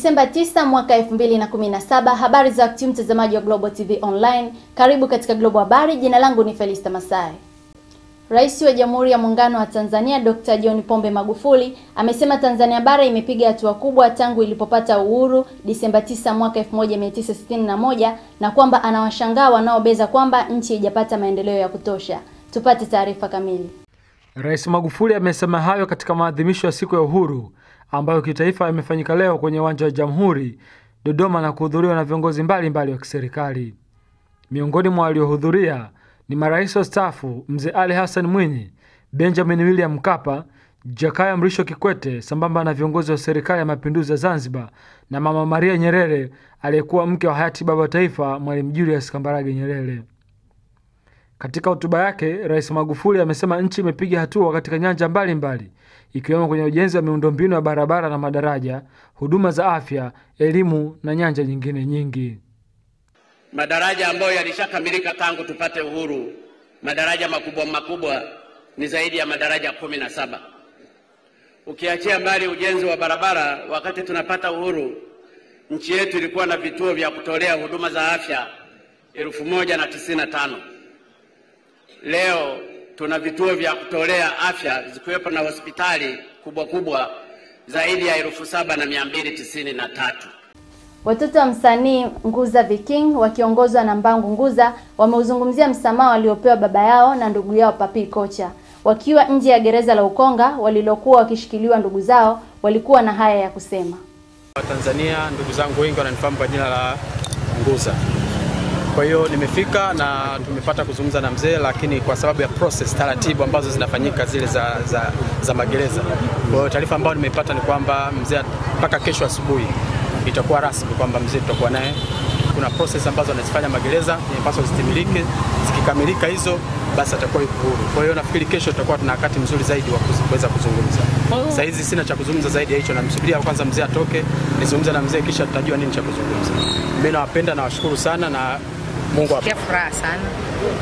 Disemba 9 mwaka 2017. Habari za wakati, mtazamaji wa Global TV Online, karibu katika Global Habari. Jina langu ni Felista Masai. Rais wa Jamhuri ya Muungano wa Tanzania Dr. John Pombe Magufuli amesema Tanzania bara imepiga hatua kubwa tangu ilipopata uhuru Disemba 9 mwaka 1961 na kwamba anawashangaa wanaobeza kwamba nchi haijapata maendeleo ya kutosha. Tupate taarifa kamili. Rais Magufuli amesema hayo katika maadhimisho ya siku ya uhuru ambayo kitaifa imefanyika leo kwenye uwanja wa Jamhuri Dodoma na kuhudhuriwa na viongozi mbalimbali wa kiserikali. Miongoni mwa waliohudhuria ni marais stafu Mzee Ali Hassan Mwinyi, Benjamin William Mkapa, Jakaya Mrisho Kikwete sambamba na viongozi wa serikali ya mapinduzi ya Zanzibar na Mama Maria Nyerere aliyekuwa mke wa hayati baba taifa Mwalimu Julius Kambarage Nyerere. Katika hotuba yake, Rais Magufuli amesema nchi imepiga hatua katika nyanja mbalimbali ikiwemo kwenye ujenzi wa miundombinu ya barabara na madaraja, huduma za afya, elimu na nyanja nyingine nyingi. Madaraja ambayo yalishakamilika tangu tupate uhuru, madaraja makubwa makubwa ni zaidi ya madaraja kumi na saba, ukiachia mbali ujenzi wa barabara. Wakati tunapata uhuru, nchi yetu ilikuwa na vituo vya kutolea huduma za afya elfu moja na tisini na tano Leo tuna vituo vya kutolea afya zikiwepo na hospitali kubwa kubwa zaidi ya elfu saba na mia mbili tisini na tatu. Watoto wa msanii Nguza viking wakiongozwa na Mbangu Nguza wameuzungumzia msamaha waliopewa baba yao na ndugu yao Papi Kocha. Wakiwa nje ya gereza la Ukonga walilokuwa wakishikiliwa ndugu zao, walikuwa na haya ya kusema. Watanzania, ndugu zangu wengi wananifahamu kwa jina la Nguza kwa hiyo nimefika na tumepata kuzungumza na mzee, lakini kwa sababu ya process, taratibu ambazo zinafanyika zile za, za, za magereza. Kwa hiyo taarifa ambayo nimepata ni kwamba mzee mpaka kesho asubuhi itakuwa rasmi kwamba mzee tutakuwa naye. Kuna process ambazo anazifanya magereza inapaswa zitimilike, zikikamilika hizo basi atakuwa yuko huru. Kwa hiyo nafikiri kesho tutakuwa tuna wakati mzuri zaidi wa kuweza kuzungumza. Oh. Sasa hizi sina cha kuzungumza zaidi ya hicho, namsubiria kwanza mzee atoke, nizungumze na mzee, kisha tutajua nini cha kuzungumza. Mimi nawapenda, nawashukuru sana na Mungu ape furaha sana.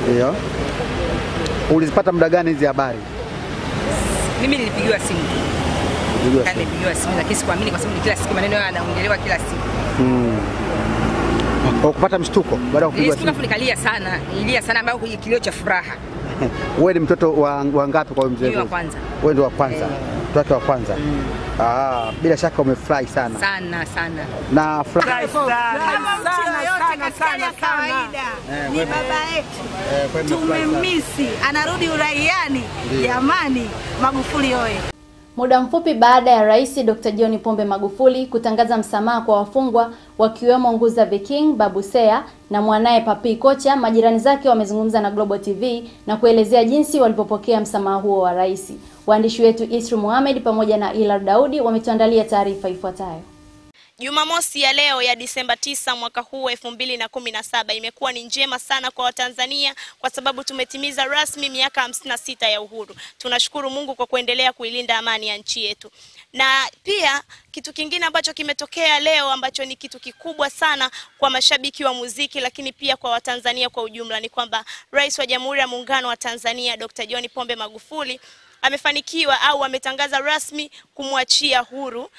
Ndio. Ulizipata muda gani hizi habari? Mimi nilipigiwa simu. Nilipigiwa yaani simu lakini sikuamini kwa sababu kila siku maneno yao yanaongelewa kila siku. Mm. Kwa kupata mshtuko baada ya kupigwa simu. Nilikuwa sana, nilia sana ambayo kilio cha furaha. Wewe ni mtoto wa, wa ngapi kwa mzee? Wa kwanza. Wewe ndio wa kwanza. Eh. Mtoto wake wa kwanza. Mm. Ah, bila shaka umefurahi sana. Sana sana. Na furahi sana. sana. sana sana sana sana. Eh, ni baba yetu eh, tumemisi, anarudi uraiani jamani. Magufuli oye! Muda mfupi baada ya Rais Dr. John Pombe Magufuli kutangaza msamaha kwa wafungwa wakiwemo Nguza the King, Babu Seya na mwanaye Papi Kocha, majirani zake wamezungumza na Global TV na kuelezea jinsi walipopokea msamaha huo wa Rais. Waandishi wetu Isru Mohamed pamoja na Ilar Daudi wametuandalia taarifa ifuatayo. Jumamosi ya leo ya Disemba 9 mwaka huu 2017 imekuwa ni njema sana kwa Watanzania kwa sababu tumetimiza rasmi miaka 56 ya uhuru. Tunashukuru Mungu kwa kuendelea kuilinda amani ya nchi yetu. Na pia kitu kingine ambacho kimetokea leo ambacho ni kitu kikubwa sana kwa mashabiki wa muziki, lakini pia kwa Watanzania kwa ujumla ni kwamba Rais wa Jamhuri ya Muungano wa Tanzania Dr. John Pombe Magufuli amefanikiwa au ametangaza rasmi kumwachia huru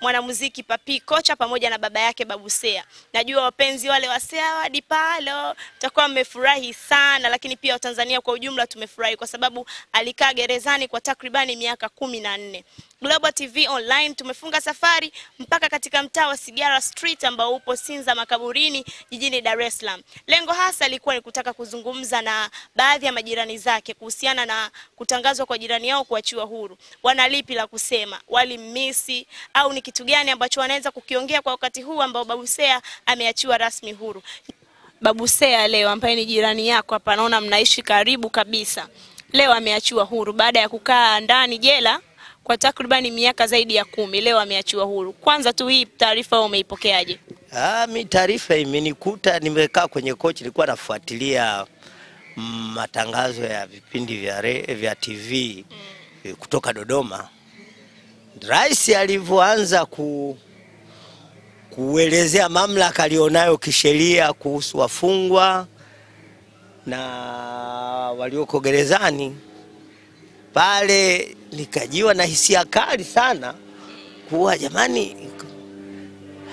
mwanamuziki Papi Kocha pamoja na baba yake Babu Sea. Najua wapenzi wale wa Sea hadi palo mtakuwa mmefurahi sana, lakini pia Watanzania kwa ujumla tumefurahi kwa sababu alikaa gerezani kwa takribani miaka kumi na nne. Global TV Online tumefunga safari mpaka katika mtaa wa Sigara Street ambao upo Sinza Makaburini jijini Dar es Salaam. Lengo hasa lilikuwa ni kutaka kuzungumza na baadhi ya majirani zake kuhusiana na kutangazwa kwa jirani yao kuachiwa huru. Wana lipi la kusema? Walimmisi au ni kitu gani ambacho wanaweza kukiongea kwa wakati huu ambao Babu Seya ameachiwa rasmi huru? Babu Seya leo ambaye ni jirani yako hapa, naona mnaishi karibu kabisa, leo ameachiwa huru baada ya kukaa ndani jela kwa takribani miaka zaidi ya kumi, leo ameachiwa huru. Kwanza tu hii taarifa umeipokeaje? Ah, mi taarifa imenikuta nimekaa kwenye kochi, nilikuwa nafuatilia mm, matangazo ya vipindi vya, re, vya TV mm. kutoka Dodoma. Rais alivyoanza ku, kuelezea mamlaka alionayo kisheria kuhusu wafungwa na walioko gerezani pale, likajiwa na hisia kali sana kuwa jamani,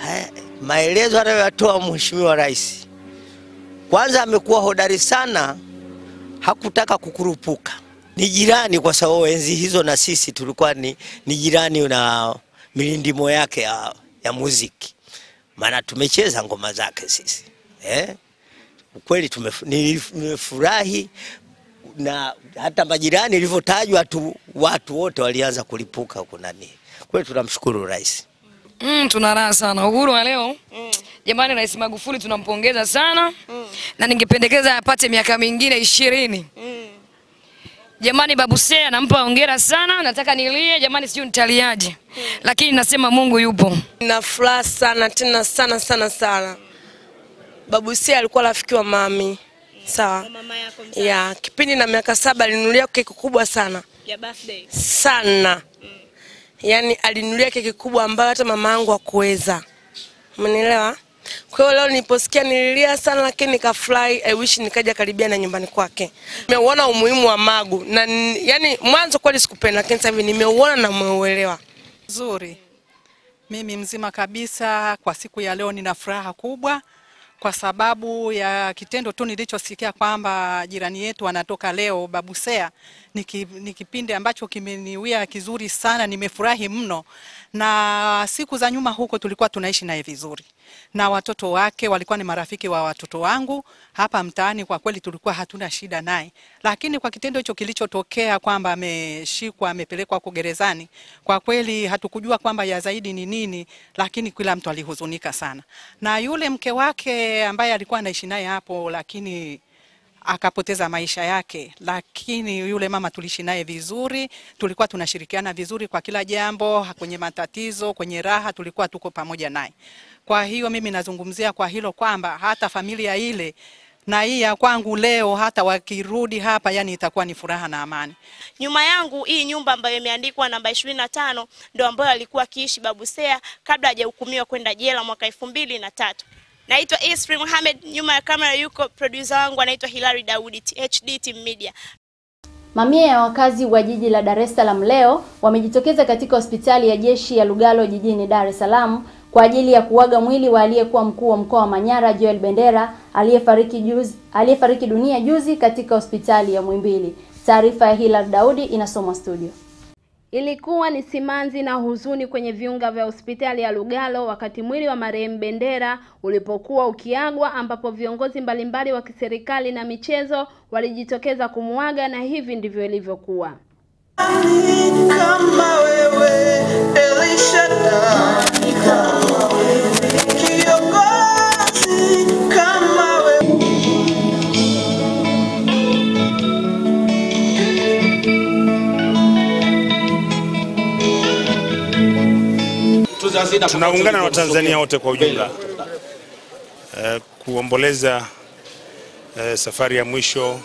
hai, maelezo anayoyatoa Mheshimiwa Rais, kwanza amekuwa hodari sana, hakutaka kukurupuka. Ni jirani kwa sababu enzi hizo na sisi tulikuwa ni, ni jirani na milindimo yake ya, ya muziki, maana tumecheza ngoma zake sisi eh? Ukweli tumefurahi na hata majirani ilivyotajwa tu watu wote walianza kulipuka huko nani. Kwa hiyo tunamshukuru rais. Mm, tuna raha sana uhuru wa leo mm. Jamani, Rais Magufuli tunampongeza sana mm. Na ningependekeza apate miaka mingine ishirini mm. Jamani, Babu Seya nampa hongera sana, nataka nilie jamani, sijui nitaliaje mm. Lakini nasema Mungu yupo. Na furaha sana tena sana sana sana. Babu Seya alikuwa rafiki wa mami sawa ya kipindi na miaka saba alinunulia keki kubwa sana ya birthday. sana mm. Yani alinunulia keki kubwa ambayo hata mama yangu hakuweza, umenielewa? Kwa hiyo leo niliposikia nililia sana, lakini nikafurahi. I wish nikaja karibia na nyumbani kwake. Nimeuona umuhimu wa Magu na yani, mwanzo kweli sikupenda, lakini sasa hivi nimeuona na nimeuelewa nzuri. Mimi mzima kabisa, kwa siku ya leo nina furaha kubwa kwa sababu ya kitendo tu nilichosikia kwamba jirani yetu anatoka leo Babusea. Ni kipindi ambacho kimeniwia kizuri sana, nimefurahi mno, na siku za nyuma huko tulikuwa tunaishi naye vizuri na watoto wake walikuwa ni marafiki wa watoto wangu hapa mtaani. Kwa kweli tulikuwa hatuna shida naye, lakini kwa kitendo hicho kilichotokea kwamba ameshikwa amepelekwa huko gerezani, kwa kweli hatukujua kwamba ya zaidi ni nini, lakini kila mtu alihuzunika sana. Na yule mke wake ambaye alikuwa anaishi naye hapo, lakini akapoteza maisha yake, lakini yule mama tuliishi naye vizuri, tulikuwa tunashirikiana vizuri kwa kila jambo, kwenye matatizo, kwenye raha, tulikuwa tuko pamoja naye. Kwa hiyo mimi nazungumzia kwa hilo kwamba hata familia ile na hii ya kwangu leo hata wakirudi hapa, yani itakuwa ni furaha na amani. Nyuma yangu hii nyumba ambayo imeandikwa namba ishirini na tano ndio ambayo alikuwa akiishi babu Seya kabla hajahukumiwa kwenda jela mwaka elfu mbili na tatu. Naitwa Isri Mohamed, nyuma ya kamera yuko producer wangu anaitwa Hilary Daudi, HD Team Media. Mamia ya wakazi wa jiji la Dar es Salaam leo wamejitokeza katika hospitali ya jeshi ya Lugalo jijini Dar es Salaam kwa ajili ya kuaga mwili wa aliyekuwa mkuu wa mkoa wa Manyara Joel Bendera aliyefariki juzi, aliyefariki dunia juzi katika hospitali ya Mwimbili. Taarifa ya Hilary Daudi inasomwa studio. Ilikuwa ni simanzi na huzuni kwenye viunga vya hospitali ya Lugalo wakati mwili wa marehemu Bendera ulipokuwa ukiagwa, ambapo viongozi mbalimbali wa kiserikali na michezo walijitokeza kumuaga, na hivi ndivyo ilivyokuwa. Kama wewe Elisha tunaungana na Watanzania wote kwa ujumla uh, kuomboleza uh, safari ya mwisho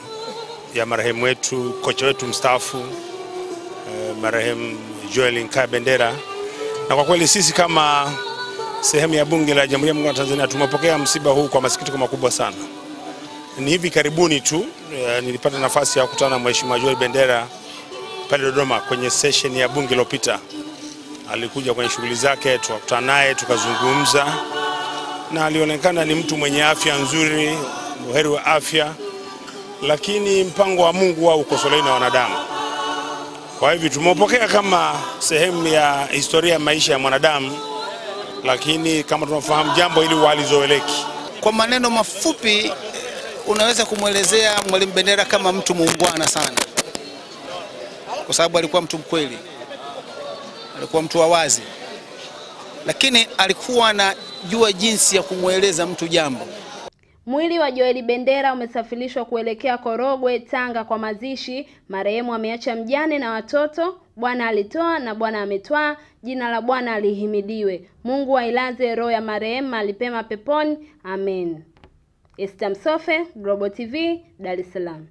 ya marehemu wetu kocha wetu mstaafu uh, marehemu Joel nkaya Bendera, na kwa kweli sisi kama sehemu ya Bunge la Jamhuri ya Muungano wa Tanzania tumepokea msiba huu kwa masikitiko makubwa sana. Ni hivi karibuni tu uh, nilipata nafasi ya kukutana na Mheshimiwa Joel Bendera pale Dodoma kwenye session ya bunge iliyopita alikuja kwenye shughuli zake, tukakutana naye tukazungumza, na alionekana ni mtu mwenye afya nzuri, buheri wa afya, lakini mpango wa Mungu wa ukosolei na wanadamu. Kwa hivyo tumepokea kama sehemu ya historia ya maisha ya mwanadamu, lakini kama tunafahamu jambo hili walizoeleki. Kwa maneno mafupi, unaweza kumwelezea Mwalimu Bendera kama mtu muungwana sana, kwa sababu alikuwa mtu mkweli alikuwa mtu wa wazi, lakini alikuwa anajua jinsi ya kumweleza mtu jambo. Mwili wa Joel Bendera umesafirishwa kuelekea Korogwe, Tanga kwa mazishi. Marehemu ameacha mjane na watoto. Bwana alitoa na Bwana ametwaa, jina la Bwana alihimidiwe. Mungu ailaze roho ya marehemu mahali pema peponi, amen. Esther Msofe, Global TV, Dar es Salaam.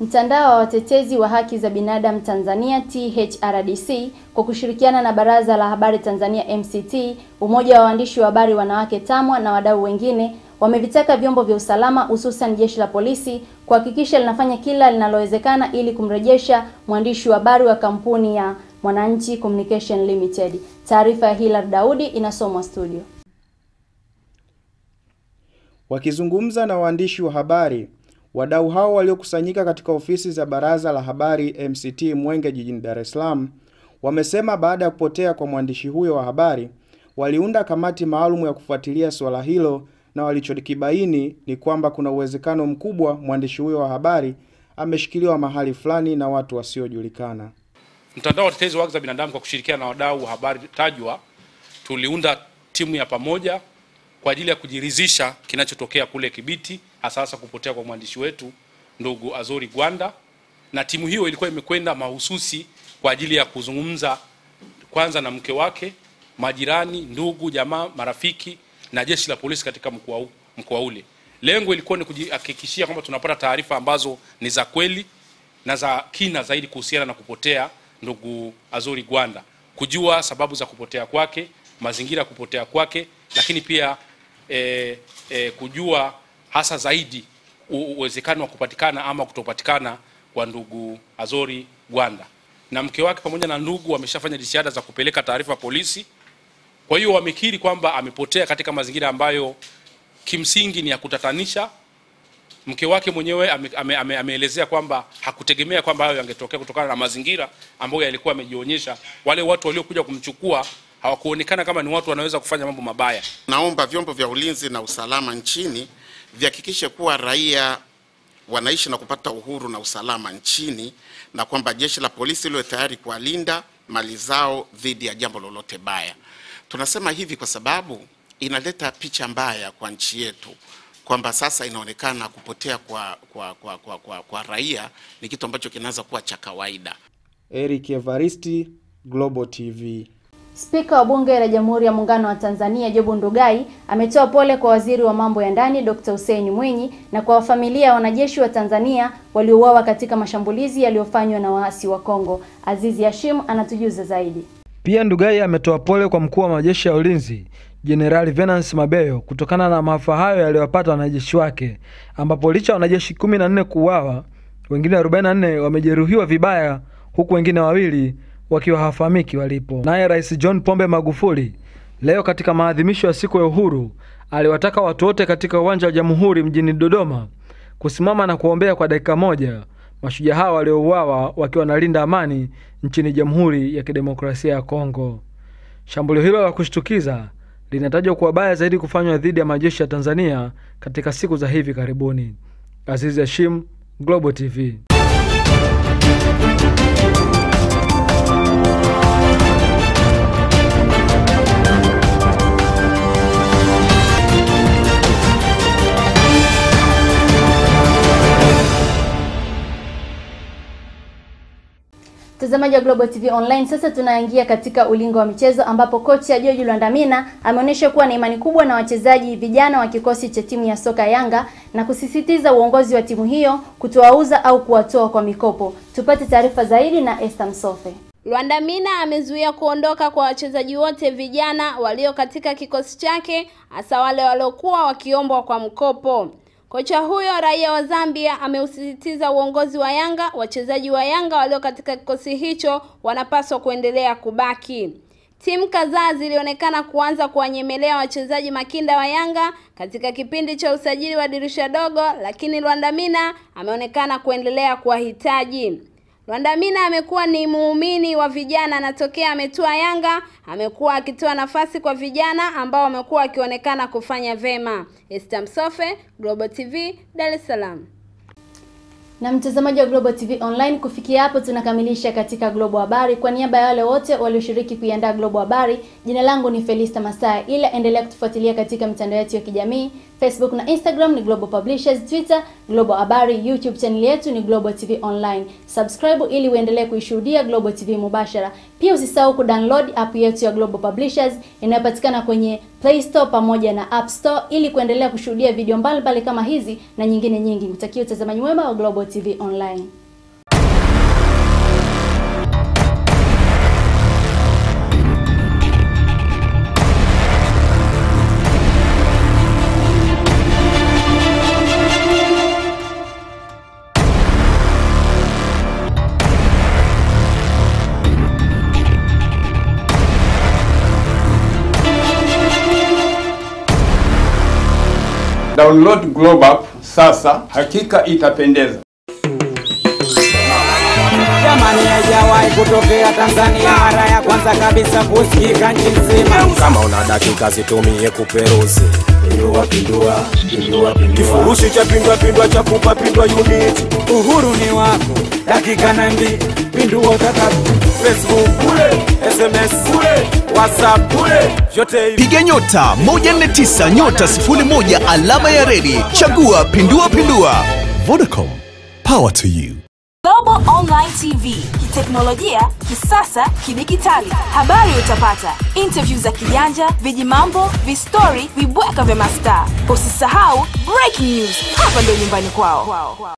Mtandao wa watetezi wa haki za binadamu Tanzania THRDC kwa kushirikiana na Baraza la Habari Tanzania MCT, Umoja wa Waandishi wa Habari Wanawake TAMWA na wadau wengine wamevitaka vyombo vya usalama hususan jeshi la polisi kuhakikisha linafanya kila linalowezekana ili kumrejesha mwandishi wa habari wa kampuni ya Mwananchi Communication Limited. Taarifa ya Hilal Daudi inasomwa studio. Wakizungumza na waandishi wa habari Wadau hao waliokusanyika katika ofisi za Baraza la Habari MCT Mwenge jijini Dar es Salaam wamesema baada ya kupotea kwa mwandishi huyo wa habari waliunda kamati maalum ya kufuatilia suala hilo na walichokibaini ni kwamba kuna uwezekano mkubwa mwandishi huyo wa habari ameshikiliwa mahali fulani na watu wasiojulikana. Mtandao wa Watetezi wa Haki za Binadamu kwa kushirikiana na wadau wa habari tajwa, tuliunda timu ya pamoja kwa ajili ya kujiridhisha kinachotokea kule Kibiti hasa kupotea kwa mwandishi wetu ndugu Azori Gwanda, na timu hiyo ilikuwa imekwenda mahususi kwa ajili ya kuzungumza kwanza na mke wake, majirani, ndugu, jamaa, marafiki na jeshi la polisi katika mkoa mkoa ule. Lengo ilikuwa ni kujihakikishia kwamba tunapata taarifa ambazo ni za kweli na za kina zaidi kuhusiana na kupotea ndugu Azori Gwanda, kujua sababu za kupotea kwake, mazingira ya kupotea kwake, lakini pia eh, eh, kujua hasa zaidi uwezekano wa kupatikana ama kutopatikana kwa ndugu Azori Gwanda, na mke wake pamoja na ndugu wameshafanya jitihada za kupeleka taarifa polisi. Kwa hiyo wamekiri kwamba amepotea katika mazingira ambayo kimsingi ni ya kutatanisha. Mke wake mwenyewe ameelezea ame, ame kwamba hakutegemea kwamba hayo yangetokea kutokana na mazingira ambayo yalikuwa yamejionyesha. Wale watu waliokuja kumchukua hawakuonekana kama ni watu wanaweza kufanya mambo mabaya. Naomba vyombo vya ulinzi na usalama nchini vihakikishe kuwa raia wanaishi na kupata uhuru na usalama nchini na kwamba jeshi la polisi liwe tayari kuwalinda mali zao dhidi ya jambo lolote baya. Tunasema hivi kwa sababu inaleta picha mbaya kwa nchi yetu kwamba sasa inaonekana kupotea kwa, kwa, kwa, kwa, kwa, kwa raia ni kitu ambacho kinaweza kuwa cha kawaida. Eric Evaristi, Global TV. Spika wa Bunge la Jamhuri ya Muungano wa Tanzania Jobu Ndugai ametoa pole kwa Waziri wa Mambo ya Ndani Dr. Hussein Mwinyi na kwa familia ya wanajeshi wa Tanzania waliouawa katika mashambulizi yaliyofanywa na waasi wa Kongo. Azizi Hashim anatujuza zaidi. Pia Ndugai ametoa pole kwa mkuu wa majeshi ya ulinzi Jenerali Venance Mabeyo kutokana na maafa hayo yaliyowapata wanajeshi wake, ambapo licha wanajeshi 14 kuuawa, wengine 44 wamejeruhiwa vibaya, huku wengine wawili wakiwa hawafahamiki walipo. Naye Rais John Pombe Magufuli leo katika maadhimisho ya siku ya uhuru aliwataka watu wote katika uwanja wa Jamhuri mjini Dodoma kusimama na kuombea kwa dakika moja mashujaa hawa waliouawa wakiwa wanalinda amani nchini Jamhuri ya Kidemokrasia ya Kongo. Shambulio hilo la kushtukiza linatajwa kuwa baya zaidi kufanywa dhidi ya majeshi ya Tanzania katika siku za hivi karibuni. Azizi Hashim, Global TV. mtazamaji wa Global TV Online, sasa tunaingia katika ulingo wa michezo ambapo kocha George Lwandamina ameonyesha kuwa na imani kubwa na wachezaji vijana wa kikosi cha timu ya soka Yanga na kusisitiza uongozi wa timu hiyo kutowauza au kuwatoa kwa mikopo. Tupate taarifa zaidi na Esther Msofe. Lwandamina amezuia kuondoka kwa wachezaji wote vijana walio katika kikosi chake hasa wale waliokuwa wakiombwa kwa mkopo. Kocha huyo raia wa Zambia ameusisitiza uongozi wa Yanga, wachezaji wa Yanga walio katika kikosi hicho wanapaswa kuendelea kubaki. Timu kadhaa zilionekana kuanza kuwanyemelea wachezaji makinda wa Yanga katika kipindi cha usajili wa dirisha dogo, lakini Lwandamina ameonekana kuendelea kuwahitaji mina amekuwa ni muumini wa vijana na tokea ametua Yanga amekuwa akitoa nafasi kwa vijana ambao wamekuwa wakionekana kufanya vema. Esther Msofe, Global TV, Dar es Salaam. Na mtazamaji wa Global TV Online, kufikia hapo tunakamilisha katika Global Habari. Kwa niaba ya wale wote walioshiriki kuiandaa Global Habari, jina langu ni Felista Masaya, ila endelea kutufuatilia katika mitandao yetu ya kijamii Facebook na Instagram ni Global Publishers, Twitter Global Habari, YouTube channel yetu ni Global TV Online. Subscribe ili uendelee kuishuhudia Global TV mubashara. Pia usisahau kudownload app yetu ya Global Publishers inayopatikana kwenye Play Store pamoja na App Store ili kuendelea kushuhudia video mbalimbali kama hizi na nyingine nyingi. utakiwa utazamaji mwema wa Global TV Online. Download Global app sasa, hakika itapendeza. Jamani, haijawahi kutokea Tanzania, mara ya kwanza kabisa kusikika nchi nzima. Kama una dakika zitumie kuperuzi Pindua, pindua, Kifurushi cha pindua pindua cha kupa pindua unit. Uhuru ni wako, dakika na mbi, pindua Facebook, SMS, piga nyota 149 nyota 01 alama ya redi chagua pindua pindua. Vodacom, power to you. Global Online TV, kiteknolojia, kisasa, kidigitali. Habari utapata, interview za kijanja, vijimambo, vistori, vibweka vya mastaa. Usisahau breaking news, hapa ndio nyumbani kwao.